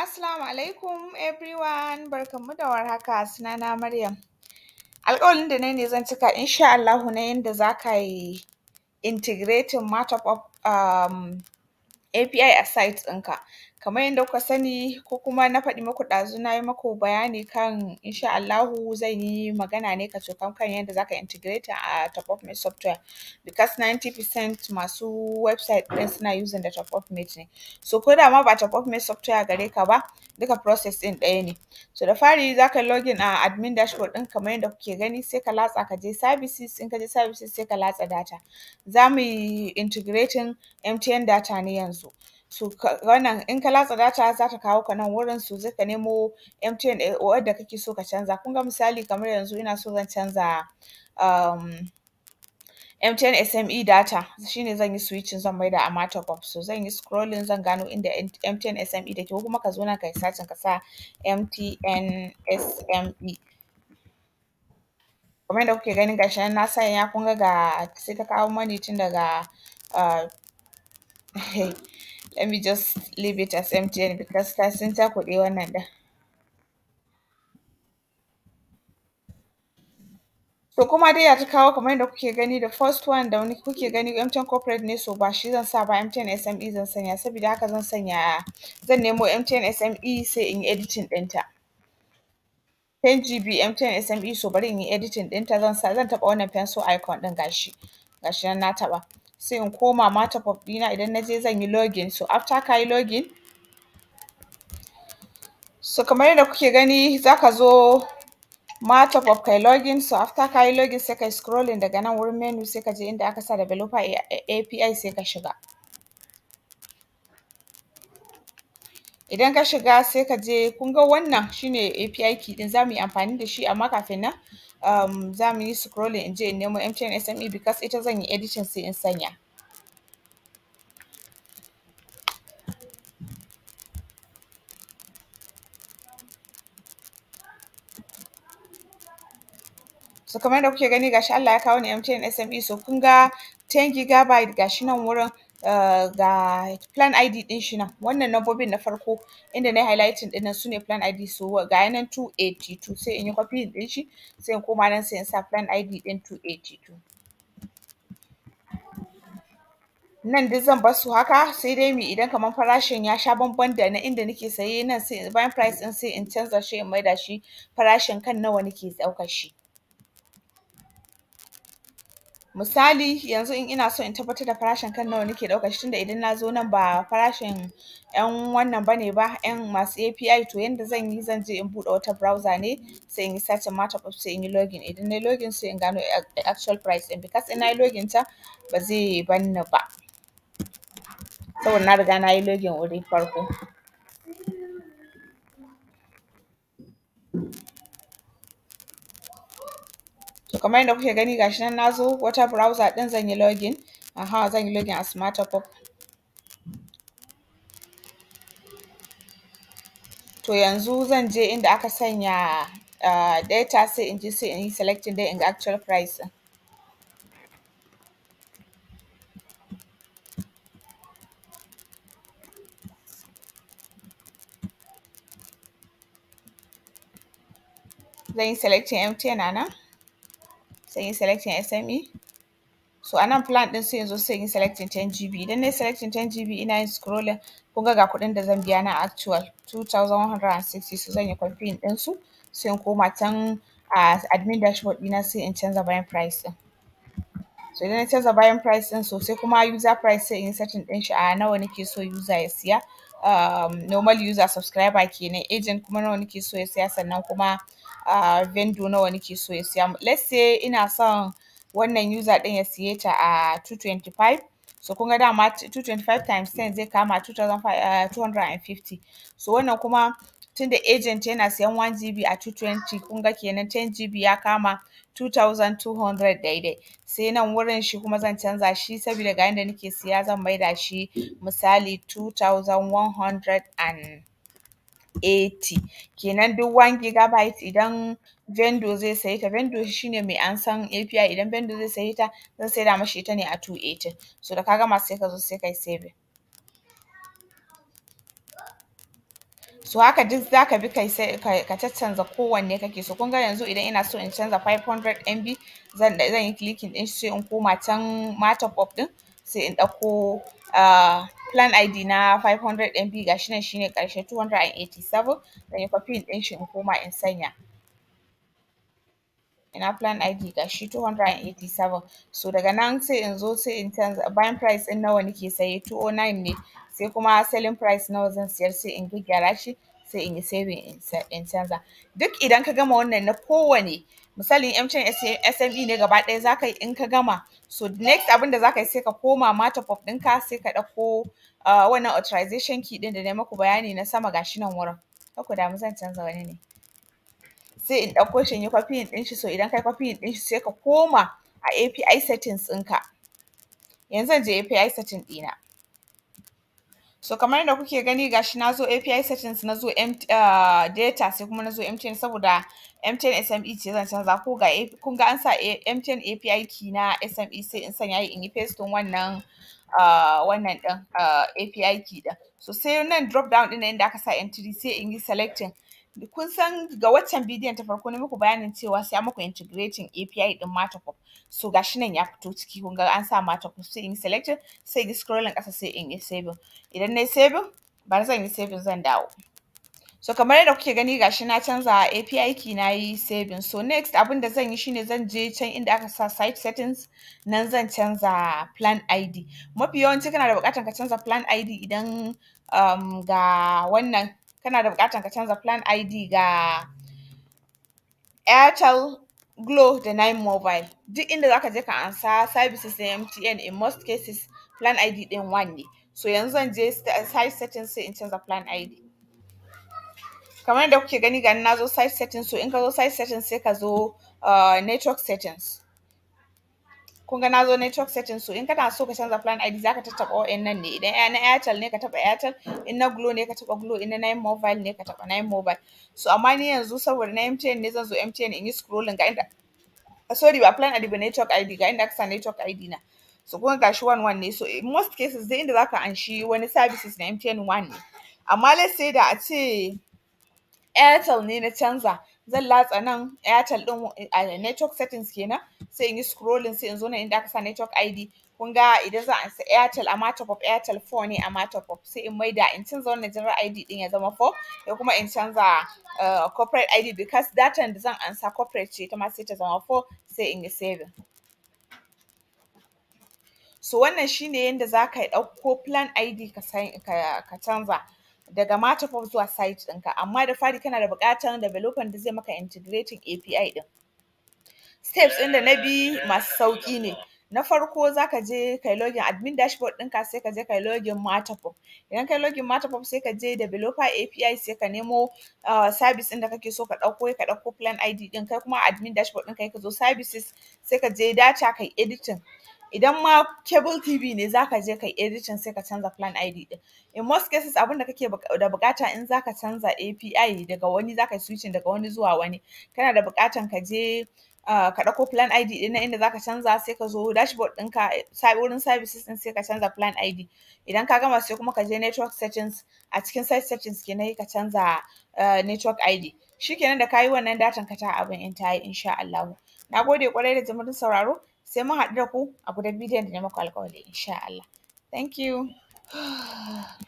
Assalamu alaikum everyone barkanmu da warhaka sunana Maryam Alƙawarin da nayi ne zan cika insha Allahu na yanda za ka yi integrating matter of um API a site ɗinka. Kamar yanda kuka sani ko kuma na faɗi muku ɗazu na yi muku bayani kan insha Allahu yi magana ne kacokan kan yanda zaka integrating a Top-up-mate software because 90 percent masu website ɗin suna using da Top-up-mate ne. So ko da ma ba Top-up-mate software gare ka ba duka process ɗin ɗaya ne. So da fari zaka login a admin dashboard ɗin kamar yadda kuke gani sai ka latsa kaje services in ka je services sai ka latsa data. Za muyi integrating MTN data ne yanzu. su su wannan in ka latsa data za ta kawo ka nan wurin su zai ka nemo MTN eh, wadda kake so ka canza kun ga misali kamar yanzu ina so zan canza um, MTN SME data shine zan yi switching zan maida a Matacop so zan yi scrolling zan gano inda MTN SME take ko kuma ka zo nan kai searching ka sa MTN SME kamar yanda kuke ganin gashi nan na sanya kun ga ga sai ta kawo mani tun daga uh, Let me just leave it as MTN because ka sun cakuɗe wannan ɗin. To kuma dai ya ta kawo kamar yadda kuke gani the first one da wani kuke gani MTN corporate ne so ba shi zan sa ba MTN SME zan sanya saboda haka zan sanya zan nemo MTN SME sai in yi editing ɗinta. 10GB MTN SME so bari in yi editing ɗinta zan sa zan taɓa wannan pencil icon ɗin gashi gashi nan na taɓa. sai in koma ma top up ɗina idan na je zan yi login so after kayi login so kamar yadda kuke gani zaka zo ma top kai login so after kai login sai kai scrolling daga nan wurin menu sai ka inda aka sa developer API sai ka shiga idan ka shiga sai kaje je kun ga wannan shine API key ɗin za yi amfani da shi amma kafin nan um, za mu yi scrolling in je in nemo MTN SME because ita zan yi editing sai in sanya. So kamar yadda kuke gani gashi Allah ya kawo ni MTN SME so kun ga 10 gigabyte gashi nan wurin Eh, ga plan ID ɗin shi nan wannan lambobin na farko inda nayi highlighting ɗin nan sune plan ID so ga nan 282 sai in yi copying ɗin shi sai in koma nan sai in sa plan ID ɗin 282 nan duk zan bar su haka sai dai mi idan kamar farashin ya sha bamban da na inda nake saye nan sai bayan price ɗin sai in canza shi in maida shi farashin kan nawa nake ɗaukar shi misali yanzu in ina so in tabbatar da farashin kan nawa nake ɗaukar shi tunda idan zo nan ba farashin ƴan wannan bane ba ƴan masu API to yanda zan je in buɗe wata browser ne sai inyi searching markup ɗin sai inyi login idan nayi login sai in gano actual price ɗin because in nayi login can ba zai barni ba saboda na riga nayi login wuri farko. to kamar yadda kuke gani gashi nan nazo wata browser ɗin zan yi login aha zan yi login a pop to yanzu zan je inda aka sanya ah, data sai in je sai in yi selecting dai in ga actual price ɗin zan yi selecting MTN a nan sai in selecting SME so a nan plan ɗin sai yanzu zo sai yin selecting 10 GB idan nayi selecting 10 GB ina yin scrolling kun ga ga kuɗin da zan biya na actual 2160 so zan yi confirm ɗin su sai in koma can a admin dashboard ɗina sai in canza bayan price ɗin so idan na canza bayan price ɗin sosai kuma user price sai in setting ɗin shi a nawa nake so user ya siya um, normal user subscriber kenan agent kuma nawa nake so ya siya sannan kuma a vendor nawa nake so ya siya Let's say ina son wannan user ɗin ya siye ta a two twenty five. So kun ga dama two twenty five times ten zai kama two thousand five eh, two hundred and fifty. So wannan kuma tunda agent yana siyan one GB a two twenty kun ga kenan ten GB ya kama two thousand two hundred daidai. Sai nan wurin shi kuma zan canza shi sabida ga yanda nake siya zan maida shi misali two thousand one hundred and eighty kenan duk one gigabyte idan vendor zai saye ta vendor ne mai ansan API idan vendor zai saye ta zan saida mashi ita ne a two eighty so da ka gama sai ka zo sai kayi saving. So haka duk za ka bi kai sai ka caccanza kowanne kake so kun ga yanzu idan ina so in canza five hundred MB zan yi clicking ɗin sai in koma can ma ɗin sai in ɗauko ah, plan ID na 500MB gashi nan shine ƙarshe 287 zan yi ɗin shi in koma in sanya ina plan ID gashi 287 so daga nan sai in zo sai in canza buying price ɗin nawa nake saye 209 ne sai kuma selling price nawa zan siyar sai in gyaggyara shi sai in yi saving in canza duk idan ka gama wannan na kowane misalin mcn sme ne gaba ɗaya za ka yi in ka gama so next abin da za ka yi sai ka koma mata pop ɗinka sai ka ɗauko ah, wannan authorization key ɗin da na maku bayani na sama gashi nan wurin ku damu zan canza wani ne sai in ɗauko shi in yi copying ɗin shi so idan ka yi in ɗin shi sai ka koma a api settings ɗinka yanzu zan je api setting ɗina so kamar yadda kuke gani gashi na zo API settings na zo uh, data sai kuma na zo MTN saboda MTN SME ce zan canza ko ga kun ga an sa MTN API key na SME sai in sanya in yi paste wannan uh, wannan din uh, API key din so sai nan drop down din inda aka sa entry sai in yi selecting kun san ga waccan bidiyon ta farko na muku bayanin cewa sai an muku integrating API din Matterpop. So shi nan ya fito ciki kun ga an sa Matterpop sai in selected sai in scrolling ƙasa sai in yi saving. Idan na yi saving ba zan yi saving zan dawo. So kamar yadda kuke gani shi na canza API key na yi saving. So next abinda da zan yi shine zan je can inda aka sa site settings nan zan canza plan ID. Mafi yawanci kana da buƙatar ka canza plan ID idan um, ga wannan kana da bukatan ka canza plan ID ga Airtel, Glo da Nine Mobile. Duk inda zaka je ka ansa services na MTN in most cases plan ID ɗin one ne. So yanzu zan je site settings sai in canza plan ID. Kamar yadda kuke gani ga na zo site settings so in ka zo site settings sai ka zo uh, network settings. kun ga na zo network setting so in kana so ka canza plan ID zaka ka tattaɓa wa'annan ne idan na Airtel ne ka taɓa Airtel in na Glo ne ka taɓa Glo in na Nine Mobile ne ka taɓa Nine Mobile so amma ni yanzu saboda na MTN ne zan zo MTN in yi scrolling ga inda sorry ba plan ID ba network ID ga inda aka sa network ID na so kun ga shi one one ne so in most cases dai inda zaka anshi wani services na MTN one ne amma let's say da a ce Airtel ne na canza zan latsa nan airtel ɗin a network settings kenan sai in yi scrolling sai in zo nan inda aka sa network id kun ga idan za a ansa airtel amma top up airtel 4 ne amma top up sai in maida in canza wannan general id ɗin ya zama 4 da kuma in canza eh, corporate id because datan da zan ansa corporate ce ta ma sai ta zama 4 sai in yi saving so wannan shine yanda za ka ɗauko plan id ka canza daga Matterport zuwa site ɗinka amma da fari kana da buƙatar developer da zai maka integrating API ɗin. Steps ɗin da na bi masu sauƙi ne. Na farko za ka je kai login admin dashboard ɗinka sai ka je kai login Matterport. Idan kai login Matterport sai ka je developer API sai ka nemo sabis ah, service ɗin da kake so ka ɗauko ka ɗauko plan ID ɗin kai kuma admin dashboard ɗinka ka zo services sai ka je data kai editing idan ma cable TV ne zaka je kayi editing sai ka canza plan ID ɗin in most cases abunda kake da bukata in zaka canza API daga wani zaka yi switching daga wani zuwa wani kana da buƙatan ka je ah, ka ɗauko plan ID ɗin na inda zaka canza sai ka zo dashboard ɗinka wurin services ɗin sai ka canza plan ID idan ka gama sai kuma ka je network settings a cikin site settings kenan ka canza ah, network ID shikenan da kayi wannan datan ka ta abin in tayi insha Allahu gode kwarai da jimirin sauraro sai mun haɗu da ku a gudan bidiyon da na muku alƙawari insha Allah. Thank you.